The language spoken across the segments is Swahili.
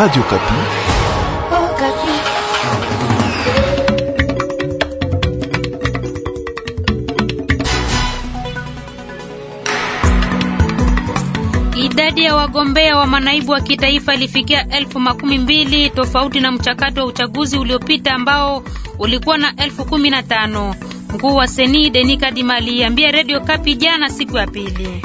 Radio oh, Kapi. Idadi ya wagombea wa manaibu wa kitaifa ilifikia elfu makumi mbili tofauti na mchakato wa uchaguzi uliopita ambao ulikuwa na elfu kumi na tano. Mkuu wa Seni Denika Dimali ambia Radio Kapi jana siku ya pili.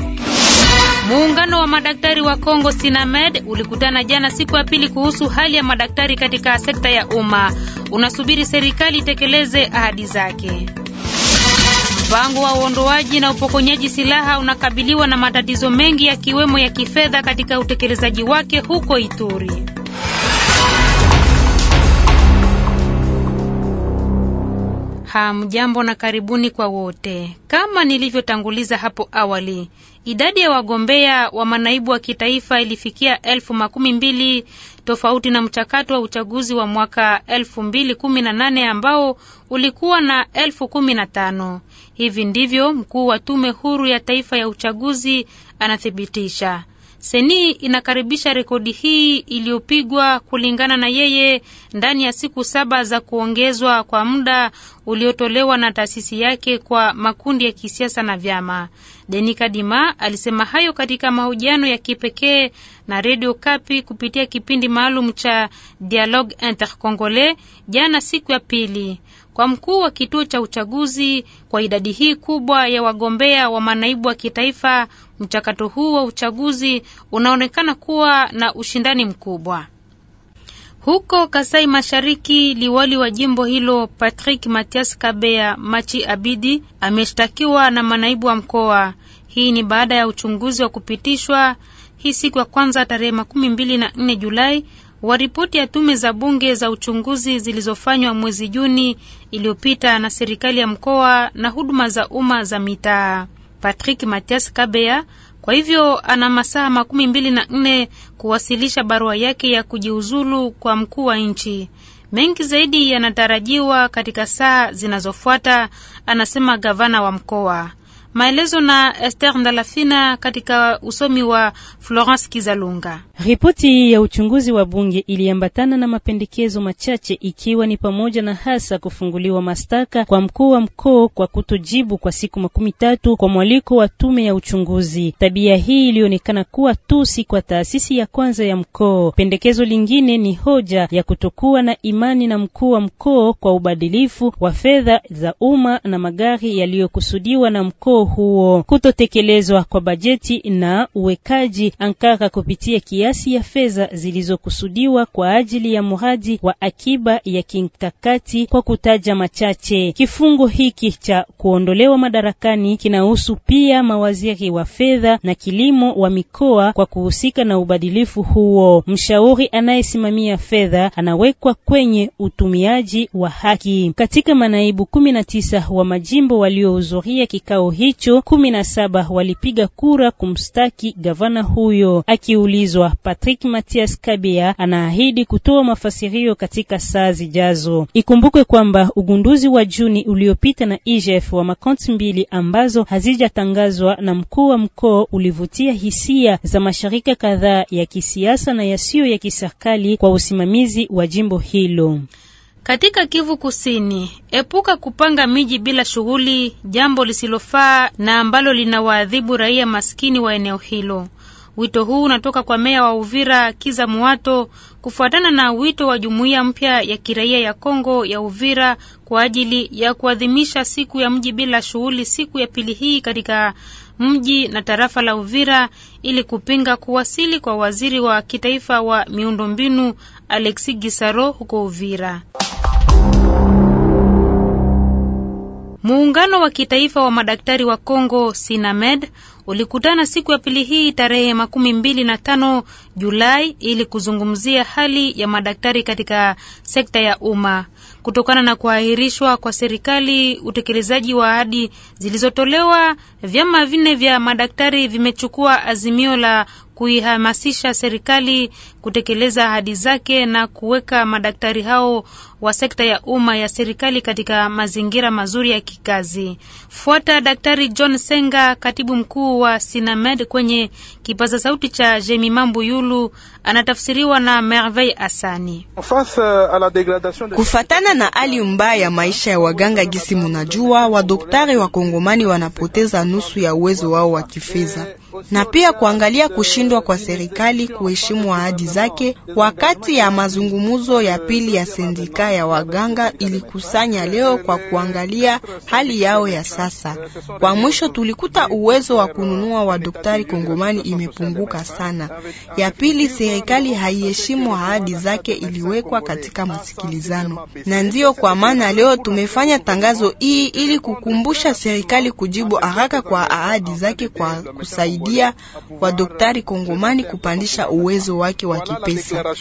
Muungano wa madaktari wa Kongo Sinamed ulikutana jana siku ya pili kuhusu hali ya madaktari katika sekta ya umma. Unasubiri serikali itekeleze ahadi zake. Mpango wa uondoaji na upokonyaji silaha unakabiliwa na matatizo mengi yakiwemo ya kifedha katika utekelezaji wake huko Ituri. Hamjambo na karibuni kwa wote. Kama nilivyotanguliza hapo awali, idadi ya wagombea wa manaibu wa kitaifa ilifikia elfu makumi mbili tofauti na mchakato wa uchaguzi wa mwaka elfu mbili kumi na nane ambao ulikuwa na elfu kumi na tano. Hivi ndivyo mkuu wa tume huru ya taifa ya uchaguzi anathibitisha. Seni inakaribisha rekodi hii iliyopigwa kulingana na yeye ndani ya siku saba za kuongezwa kwa muda uliotolewa na taasisi yake kwa makundi ya kisiasa na vyama. deni kadima alisema hayo katika mahojiano ya kipekee na Radio Kapi kupitia kipindi maalum cha Dialogue Intercongolais jana siku ya pili kwa mkuu wa kituo cha uchaguzi kwa idadi hii kubwa ya wagombea wa manaibu wa kitaifa, mchakato huu wa uchaguzi unaonekana kuwa na ushindani mkubwa. Huko Kasai Mashariki, liwali wa jimbo hilo Patrick Matias Kabea Machi Abidi ameshtakiwa na manaibu wa mkoa. Hii ni baada ya uchunguzi wa kupitishwa hii siku ya kwanza tarehe makumi mbili na nne Julai wa ripoti ya tume za bunge za uchunguzi zilizofanywa mwezi Juni iliyopita na serikali ya mkoa na huduma za umma za mitaa. Patrick Matias Kabea kwa hivyo ana masaa makumi mbili na nne kuwasilisha barua yake ya kujiuzulu kwa mkuu wa nchi. Mengi zaidi yanatarajiwa katika saa zinazofuata, anasema gavana wa mkoa. Maelezo na Esther Ndalafina katika usomi wa Florence Kizalunga. Ripoti hii ya uchunguzi wa bunge iliambatana na mapendekezo machache ikiwa ni pamoja na hasa kufunguliwa mashtaka kwa mkuu wa mkoa kwa kutojibu kwa siku makumi tatu kwa mwaliko wa tume ya uchunguzi. Tabia hii ilionekana kuwa tusi kwa taasisi ya kwanza ya mkoa. Pendekezo lingine ni hoja ya kutokuwa na imani na mkuu wa mkoa kwa ubadilifu wa fedha za umma na magari yaliyokusudiwa na mkoa huo. Kutotekelezwa kwa bajeti na uwekaji ankara kupitia kiasi ya fedha zilizokusudiwa kwa ajili ya mradi wa akiba ya kimkakati, kwa kutaja machache. Kifungo hiki cha kuondolewa madarakani kinahusu pia mawaziri wa fedha na kilimo wa mikoa kwa kuhusika na ubadilifu huo. Mshauri anayesimamia fedha anawekwa kwenye utumiaji wa haki. Katika manaibu tisa wa majimbo waliohudhuria kikao hiki hicho kumi na saba walipiga kura kumstaki gavana huyo. Akiulizwa, Patrick Matias Kabia anaahidi kutoa mafasirio katika saa zijazo. Ikumbukwe kwamba ugunduzi wa Juni uliopita na IGF wa makonti mbili ambazo hazijatangazwa na mkuu wa mkoa ulivutia hisia za mashirika kadhaa ya kisiasa na yasiyo ya kiserikali kwa usimamizi wa jimbo hilo. Katika Kivu Kusini, epuka kupanga miji bila shughuli, jambo lisilofaa na ambalo linawaadhibu raia maskini wa eneo hilo. Wito huu unatoka kwa meya wa Uvira Kiza Muwato kufuatana na wito wa jumuiya mpya ya kiraia ya Kongo ya Uvira kwa ajili ya kuadhimisha siku ya mji bila shughuli siku ya pili hii katika mji na tarafa la Uvira ili kupinga kuwasili kwa waziri wa kitaifa wa miundombinu Alexi Gisaro huko Uvira. Muungano wa kitaifa wa madaktari wa congo Sinamed ulikutana siku ya pili hii tarehe makumi mbili na tano Julai ili kuzungumzia hali ya madaktari katika sekta ya umma kutokana na kuahirishwa kwa serikali utekelezaji wa ahadi zilizotolewa. Vyama vinne vya madaktari vimechukua azimio la kuihamasisha serikali kutekeleza ahadi zake na kuweka madaktari hao wa sekta ya umma ya serikali katika mazingira mazuri ya kikazi. Fuata Daktari John Senga, katibu mkuu wa Sinamed, kwenye kipaza sauti cha Jemi Mambu Yulu, anatafsiriwa na Merveille Asani. Kufatana na hali mbaya ya maisha ya waganga, gisi munajua, wadoktari wakongomani wanapoteza nusu ya uwezo wao wa kifedha na pia kuangalia kushindwa kwa serikali kuheshimu ahadi zake. Wakati ya mazungumzo ya pili ya sendika ya waganga ilikusanya leo kwa kuangalia hali yao ya sasa. Kwa mwisho, tulikuta uwezo wa kununua wa daktari kongomani imepunguka sana. Ya pili, serikali haiheshimu ahadi zake iliwekwa katika masikilizano, na ndiyo kwa maana leo tumefanya tangazo hii ili kukumbusha serikali kujibu haraka kwa ahadi zake kwa kusaidia kusaidia wa daktari kongomani kupandisha uwezo wake wa kipesa.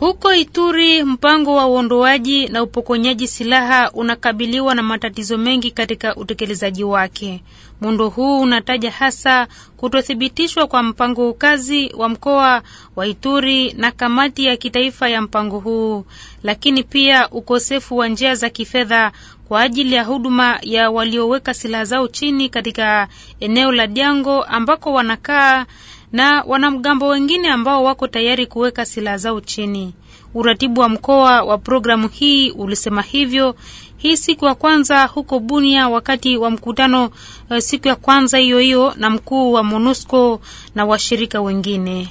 Huko Ituri, mpango wa uondoaji na upokonyaji silaha unakabiliwa na matatizo mengi katika utekelezaji wake. Muundo huu unataja hasa kutothibitishwa kwa mpango kazi wa mkoa wa Ituri na kamati ya kitaifa ya mpango huu, lakini pia ukosefu wa njia za kifedha kwa ajili ya huduma ya walioweka silaha zao chini katika eneo la Diango ambako wanakaa na wanamgambo wengine ambao wako tayari kuweka silaha zao chini. Uratibu wa mkoa wa programu hii ulisema hivyo hii siku ya kwanza huko Bunia, wakati wa mkutano eh, siku ya kwanza hiyo hiyo na mkuu wa MONUSCO na washirika wengine.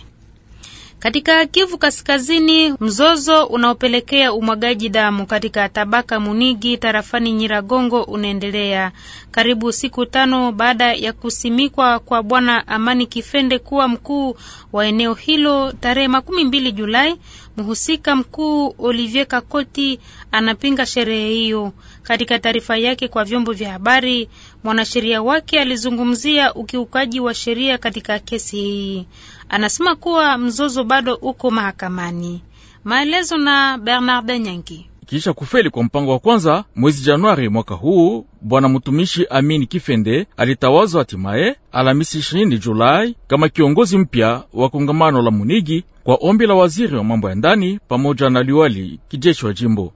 Katika Kivu Kaskazini, mzozo unaopelekea umwagaji damu katika tabaka Munigi tarafani Nyiragongo unaendelea karibu siku tano baada ya kusimikwa kwa Bwana Amani Kifende kuwa mkuu wa eneo hilo tarehe makumi mbili Julai. Mhusika mkuu Olivier Kakoti anapinga sherehe hiyo. Katika taarifa yake kwa vyombo vya habari, mwanasheria wake alizungumzia ukiukaji wa sheria katika kesi hii. Anasema kuwa mzozo bado uko mahakamani. Maelezo na Bernard Nyangi. Kisha kufeli kwa mpango wa kwanza mwezi Januari mwaka huu, bwana mtumishi Amin Kifende alitawazwa hatimaye Alhamisi 20 Julai kama kiongozi mpya wa kongamano la Munigi kwa ombi la waziri wa mambo ya ndani pamoja na liwali kijeshi wa jimbo.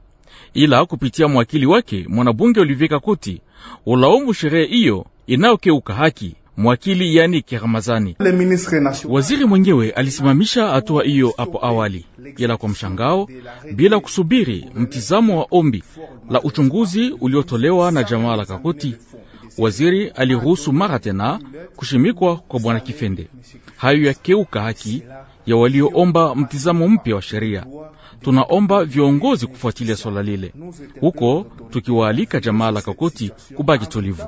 Ila kupitia mwakili wake mwanabunge Olivier Kakuti ulaumu sherehe hiyo inayokeuka haki mwakili yani Kiramazani. waziri mwenyewe alisimamisha hatua hiyo hapo awali, ila kwa mshangao, bila kusubiri mtizamo wa ombi la uchunguzi uliotolewa na jamaa la Kakoti. Waziri aliruhusu mara tena kushimikwa kwa bwana Kifende. Hayo yakeuka haki ya walioomba mtizamo mpya wa sheria. Tunaomba viongozi kufuatilia swala lile huko, tukiwaalika jamaa la Kakoti kubaki tulivu.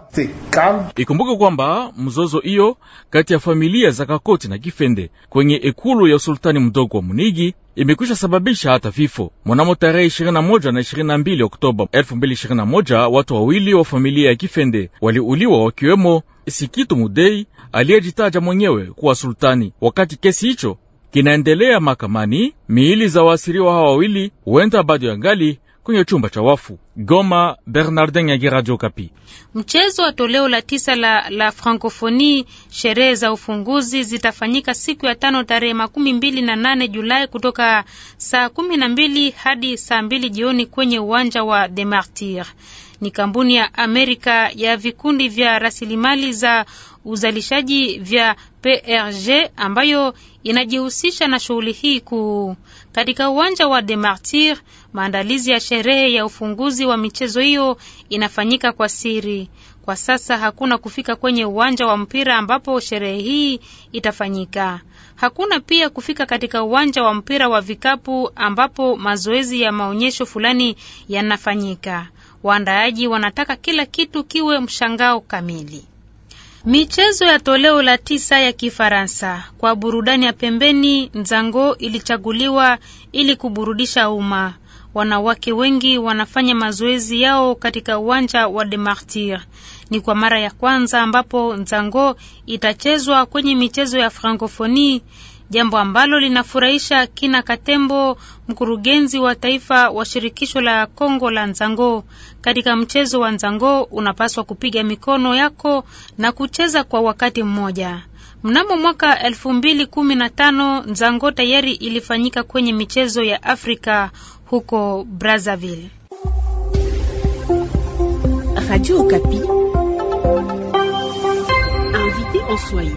Ikumbuke kwamba mzozo hiyo kati ya familia za Kakoti na Kifende kwenye ekulu ya usultani mdogo wa Munigi imekwisha sababisha hata vifo. Mnamo tarehe 21 na 22 Oktoba 2021 watu wawili wa familia ya Kifende waliuliwa wakiwemo Sikitu Mudei aliyejitaja mwenyewe kuwa sultani, wakati kesi hicho kinaendelea mahakamani. Miili za waasiriwa hawa wawili huenda bado ngali kwenye chumba cha wafu. Goma, Bernardin Yagi, Radio Kapi. Mchezo wa toleo la tisa la, la Francophonie, sherehe za ufunguzi zitafanyika siku ya tano tarehe makumi mbili na nane Julai kutoka saa kumi na mbili hadi saa mbili jioni kwenye uwanja wa De Martir ni kampuni ya Amerika ya vikundi vya rasilimali za uzalishaji vya PRG ambayo inajihusisha na shughuli hii kuu. Katika uwanja wa De Martir, maandalizi ya sherehe ya ufunguzi wa michezo hiyo inafanyika kwa siri. Kwa sasa hakuna kufika kwenye uwanja wa mpira ambapo sherehe hii itafanyika. Hakuna pia kufika katika uwanja wa mpira wa vikapu ambapo mazoezi ya maonyesho fulani yanafanyika. Waandaaji wanataka kila kitu kiwe mshangao kamili. Michezo ya toleo la tisa ya Kifaransa kwa burudani ya pembeni, Nzango ilichaguliwa ili kuburudisha umma. Wanawake wengi wanafanya mazoezi yao katika uwanja wa De Martir. Ni kwa mara ya kwanza ambapo Nzango itachezwa kwenye michezo ya Francophonie jambo ambalo linafurahisha kina Katembo, mkurugenzi wa taifa wa shirikisho la Kongo la Nzango. Katika mchezo wa Nzango unapaswa kupiga mikono yako na kucheza kwa wakati mmoja. Mnamo mwaka 215 Nzango tayari ilifanyika kwenye michezo ya Afrika huko Brazzaville. Radio Okapi. Invité en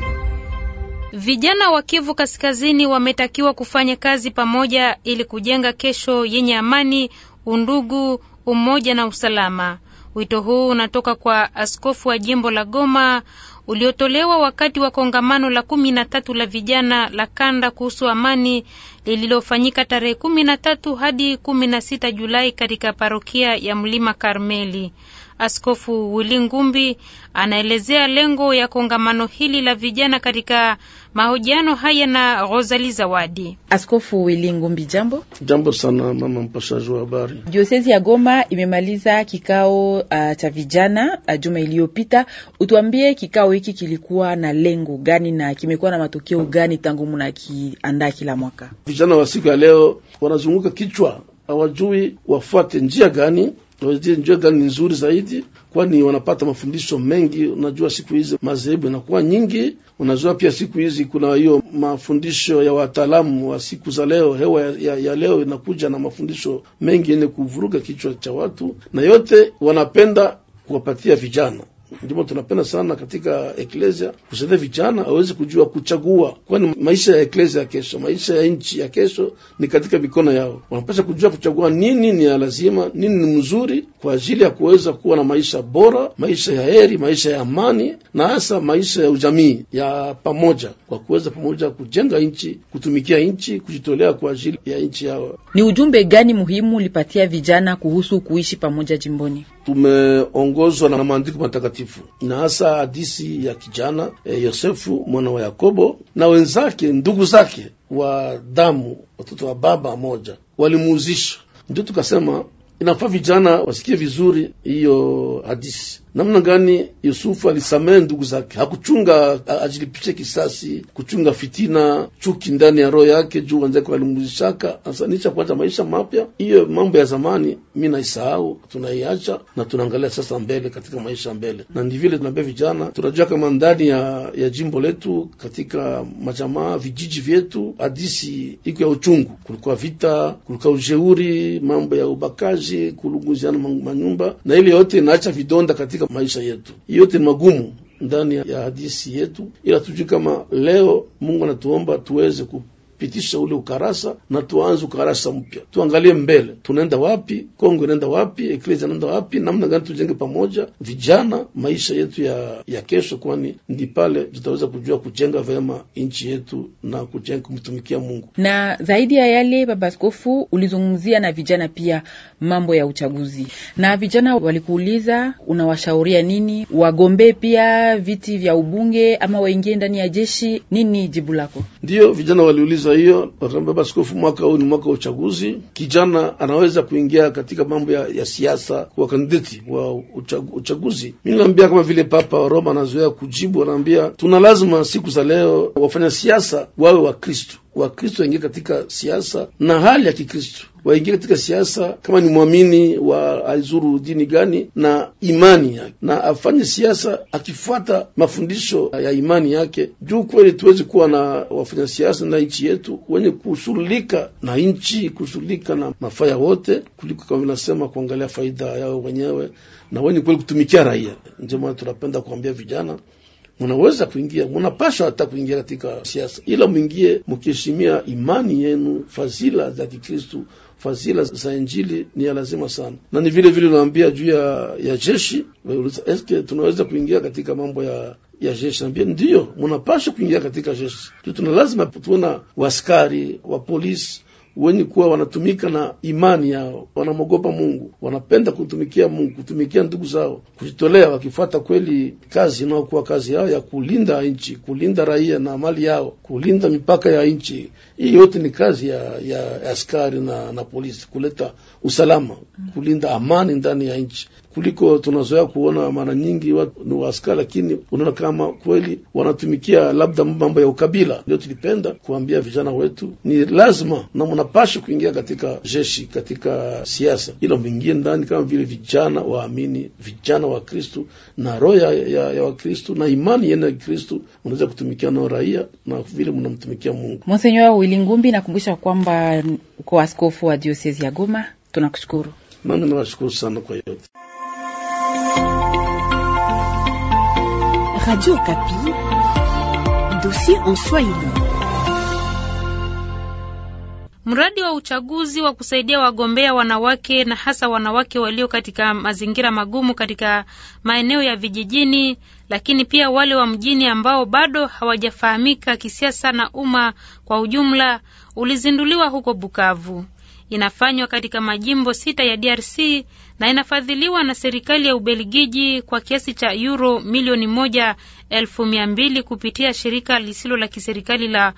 Vijana wa Kivu Kaskazini wametakiwa kufanya kazi pamoja ili kujenga kesho yenye amani, undugu, umoja na usalama. Wito huu unatoka kwa askofu wa jimbo la Goma uliotolewa wakati wa kongamano la kumi na tatu la vijana la kanda kuhusu amani lililofanyika tarehe kumi na tatu hadi kumi na sita Julai katika parokia ya Mlima Karmeli. Askofu Wili Ngumbi anaelezea lengo ya kongamano hili la vijana katika mahojiano haya na Rosali Zawadi. Askofu Wili Ngumbi, jambo. Jambo sana mama mpashaji wa habari. Diosezi ya Goma imemaliza kikao uh, cha vijana uh, juma iliyopita. Utuambie kikao hiki kilikuwa na lengo gani na kimekuwa na matokeo gani tangu mnakiandaa kila mwaka? Vijana wa siku ya leo wanazunguka kichwa, hawajui wafuate njia gani njia ni nzuri zaidi, kwani wanapata mafundisho mengi. Unajua siku hizi madhehebu inakuwa nyingi, unajua pia siku hizi kuna hiyo mafundisho ya wataalamu wa siku za leo. Hewa ya, ya leo inakuja na mafundisho mengi yenye kuvuruga kichwa cha watu, na yote wanapenda kuwapatia vijana ndipo tunapenda sana katika eklesia kusaidia vijana awezi kujua kuchagua, kwani maisha ya eklesia ya kesho, maisha ya nchi ya kesho ni katika mikono yao. wanapasha kujua kuchagua nini ni ya lazima, nini ni mzuri kwa ajili ya kuweza kuwa na maisha bora, maisha ya heri, maisha ya amani, na hasa maisha ya ujamii ya pamoja, kwa kuweza pamoja kujenga nchi, kutumikia nchi, kujitolea kwa ajili ya nchi yao. Ni ujumbe gani muhimu ulipatia vijana kuhusu kuishi pamoja jimboni? tumeongozwa na maandiko matakatifu na hasa hadisi ya kijana e, Yosefu mwana wa Yakobo na wenzake ndugu zake wa damu, watoto wa baba moja, walimuuzisha. Ndio tukasema Inafaa vijana wasikie vizuri hiyo hadisi, namna gani Yusufu alisamehe ndugu zake, hakuchunga ajilipishe kisasi, kuchunga fitina, chuki ndani ya roho yake juu wanzake walimuzishaka, asanisha kuanza maisha mapya. Hiyo mambo ya zamani mi naisahau, tunaiacha na tunaangalia sasa mbele katika maisha mbele, na ndi vile tunaambia vijana, tunajua kama ndani ya, ya jimbo letu katika majamaa vijiji vyetu hadisi iko ya uchungu, kulikuwa vita, kulikuwa ujeuri, mambo ya ubakaji maji, kuluguziana manyumba na ile yote inaacha vidonda katika maisha yetu. yote magumu ndani ya hadisi yetu, ila tujui kama leo Mungu anatuomba tuweze pitisha ule ukarasa na tuanze ukarasa mpya, tuangalie mbele tunaenda wapi, Kongo inaenda wapi, eklezia inaenda wapi, namna gani tujenge pamoja vijana maisha yetu ya, ya kesho, kwani ndi pale tutaweza kujua kujenga vema nchi yetu na kujenga kumtumikia Mungu. Na zaidi ya yale, Baba Askofu, ulizungumzia na vijana pia mambo ya uchaguzi, na vijana walikuuliza unawashauria nini wagombee pia viti vya ubunge ama waingie ndani ya jeshi, nini jibu lako? Ndio vijana waliuliza sasa hiyo wataambia basi, askofu, mwaka huu ni mwaka wa uchaguzi, kijana anaweza kuingia katika mambo ya, ya siasa kuwa kandidati wa uchag, uchaguzi. Mimi naambia kama vile Papa wa Roma anazoea kujibu, anaambia tuna lazima siku za leo wafanya siasa wawe Wakristo. Wakristo waingie katika siasa na hali ya Kikristo, waingie katika siasa kama ni mwamini wa alizuru dini gani na imani yake, na afanye siasa akifuata mafundisho ya imani yake, juu kweli tuwezi kuwa na wafanya siasa na nchi yetu wenye kushughulika na nchi kushughulika na mafaya wote, kuliko kama vinasema kuangalia faida yao wenyewe na wenye kweli kutumikia raia. Ndio maana tunapenda kuambia vijana munaweza kuingia, munapasha hata kuingia katika siasa, ila mwingie mukiheshimia imani yenu, fadhila za Kikristu, fadhila za Injili ni ya lazima sana. Na ni vile vile unaambia juu ya, ya jeshi, eske tunaweza kuingia katika mambo ya ya jeshi ambia ndiyo, munapasha kuingia katika jeshi. Tuna lazima tuona waskari wa polisi wenye kuwa wanatumika na imani yao, wanamwogopa Mungu, wanapenda kutumikia Mungu, kutumikia ndugu zao, kujitolea, wakifuata kweli kazi inayokuwa kazi yao ya kulinda nchi, kulinda raia na mali yao, kulinda mipaka ya nchi. Hii yote ni kazi ya, ya askari na, na polisi, kuleta usalama, kulinda amani ndani ya nchi kuliko tunazoea kuona mara nyingi watu ni waaskari, lakini unaona kama kweli wanatumikia labda mambo ya ukabila. Ndio tulipenda kuambia vijana wetu ni lazima na mnapasha kuingia katika jeshi, katika siasa, ila mwingie ndani kama vile vijana waamini, vijana wa Kristu na roho ya, ya, ya Wakristu na imani yene ya Kristu, mnaweza kutumikia nao raia na vile mnamtumikia Mungu. Monsenyor Willy Ngumbi, nakumbusha kwamba uko askofu wa diosezi ya Goma. Tunakushukuru. Nami nawashukuru sana kwa yote. Radio Okapi, dossier en Swahili. Mradi wa uchaguzi wa kusaidia wagombea wanawake na hasa wanawake walio katika mazingira magumu katika maeneo ya vijijini, lakini pia wale wa mjini ambao bado hawajafahamika kisiasa na umma kwa ujumla ulizinduliwa huko Bukavu inafanywa katika majimbo sita ya DRC na inafadhiliwa na serikali ya Ubelgiji kwa kiasi cha euro milioni moja elfu mia mbili kupitia shirika lisilo la kiserikali la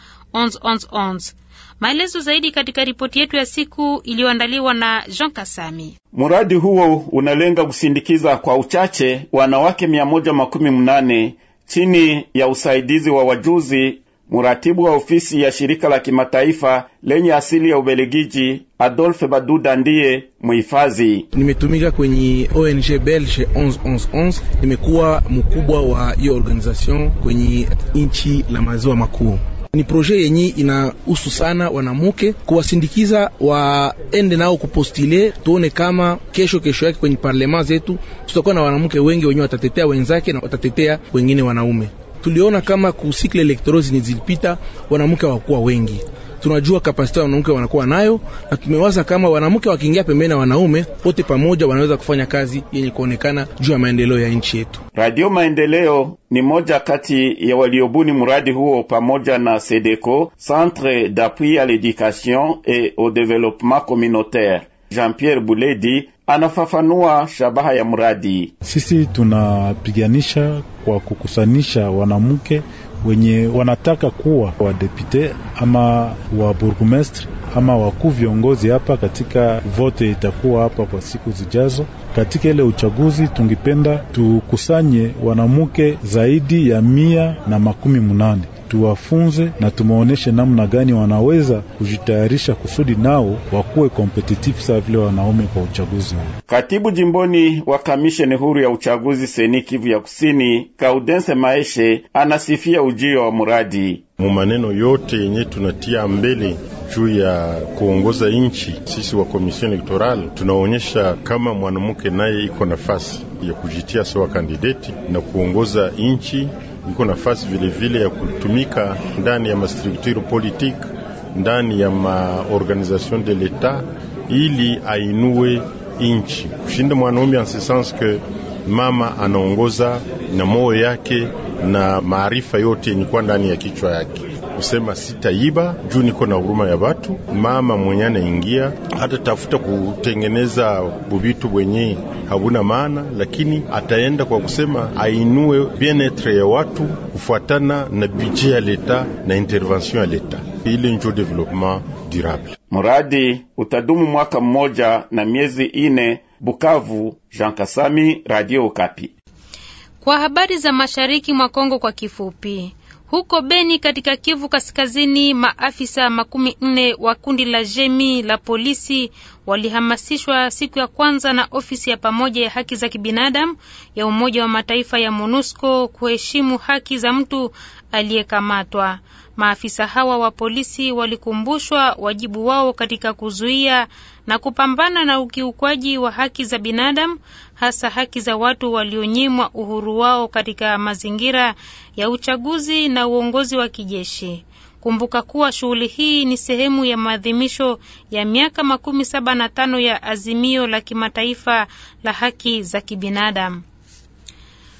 Onze Maelezo zaidi katika ripoti yetu ya siku iliyoandaliwa na Jean Kasami. Mradi huo unalenga kusindikiza kwa uchache wanawake mia moja makumi mnane chini ya usaidizi wa wajuzi muratibu wa ofisi ya shirika la kimataifa lenye asili ya ubelegiji Adolphe Baduda ndiye muhifadhi. Nimetumika kwenye ONG Belge 1111 nimekuwa mkubwa wa hiyo organization kwenye nchi la maziwa makuu ni proje yenye inahusu sana wanamuke kuwasindikiza waende nao kupostile, tuone kama kesho kesho yake kwenye parlema zetu tutakuwa na wanamuke wengi wenye watatetea wenzake na watatetea wengine wanaume tuliona kama kusikle elektrozi ni zilipita wanawake wakuwa wengi tunajua kapasiti ya wanawake wanakuwa nayo, na tumewaza kama wanamke wakiingia pembeni na wanaume wote pamoja, wanaweza kufanya kazi yenye kuonekana juu ya maendeleo ya nchi yetu. Radio Maendeleo ni moja kati ya waliobuni mradi huo pamoja na SEDECO, Centre d'appui à l'education et au développement communautaire. Jean-Pierre Buledi anafafanua shabaha ya mradi. Sisi tunapiganisha kwa kukusanisha wanamke wenye wanataka kuwa wadepute ama waburgumestre ama wakuu viongozi hapa katika vote itakuwa hapa kwa siku zijazo. Katika ile uchaguzi, tungipenda tukusanye wanamke zaidi ya mia na makumi munane tuwafunze na tumeonyeshe namna gani wanaweza kujitayarisha kusudi nao wakuwe kompetitifu sawa vile wanaume kwa uchaguzi huu. Katibu jimboni wa kamisheni huru ya uchaguzi seni Kivu ya Kusini, Kaudense Maeshe anasifia ujio wa mradi mu maneno yote yenye tunatia mbele juu ya kuongoza nchi, sisi wa komision elektorali tunaonyesha kama mwanamke naye iko nafasi ya kujitia sawa kandideti na kuongoza nchi, iko nafasi vilevile ya kutumika ndani ya mastrukturu politique, ndani ya maorganisation de l'etat, ili ainue nchi kushinda mwanaume, en ce sens que mama anaongoza na moyo yake na maarifa yote yenikuwa ndani ya kichwa yake, kusema sitaiba juu niko na huruma ya watu. Mama mwenye anaingia hata tafuta kutengeneza buvitu bwenye habuna maana, lakini ataenda kwa kusema ainue bienetre ya watu kufuatana na budget ya leta na intervention ya leta. Ile njo development durable. Muradi utadumu mwaka mmoja na miezi ine. Bukavu, Jean Kasami, Radio Okapi. Kwa habari za mashariki mwa Kongo kwa kifupi, huko Beni katika Kivu Kaskazini, maafisa makumi nne wa kundi la Jemi la polisi walihamasishwa siku ya kwanza na ofisi ya pamoja ya haki za kibinadamu ya Umoja wa Mataifa ya MONUSCO kuheshimu haki za mtu aliyekamatwa. Maafisa hawa wa polisi walikumbushwa wajibu wao katika kuzuia na kupambana na ukiukwaji wa haki za binadamu, hasa haki za watu walionyimwa uhuru wao katika mazingira ya uchaguzi na uongozi wa kijeshi. Kumbuka kuwa shughuli hii ni sehemu ya maadhimisho ya miaka makumi saba na tano ya azimio la kimataifa la haki za kibinadamu.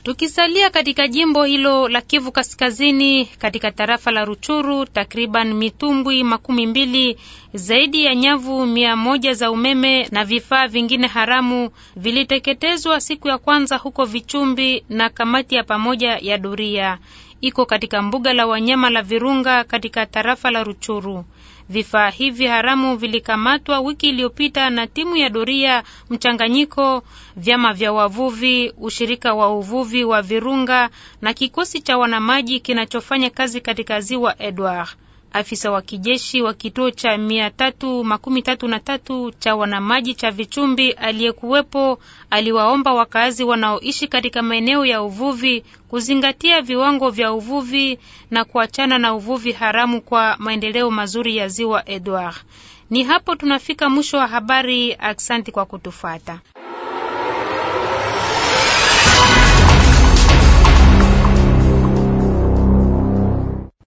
Tukisalia katika jimbo hilo la Kivu Kaskazini, katika tarafa la Ruchuru, takriban mitumbwi makumi mbili zaidi ya nyavu mia moja za umeme na vifaa vingine haramu viliteketezwa siku ya kwanza huko Vichumbi na kamati ya pamoja ya doria iko katika mbuga la wanyama la Virunga katika tarafa la Ruchuru. Vifaa hivi haramu vilikamatwa wiki iliyopita na timu ya doria mchanganyiko, vyama vya wavuvi, ushirika wa uvuvi wa Virunga na kikosi cha wanamaji kinachofanya kazi katika ziwa Edward. Afisa wa kijeshi wa kituo cha mia tatu makumi tatu na tatu cha wanamaji cha Vichumbi aliyekuwepo aliwaomba wakaazi wanaoishi katika maeneo ya uvuvi kuzingatia viwango vya uvuvi na kuachana na uvuvi haramu kwa maendeleo mazuri ya ziwa Edward. Ni hapo tunafika mwisho wa habari. Aksanti kwa kutufata.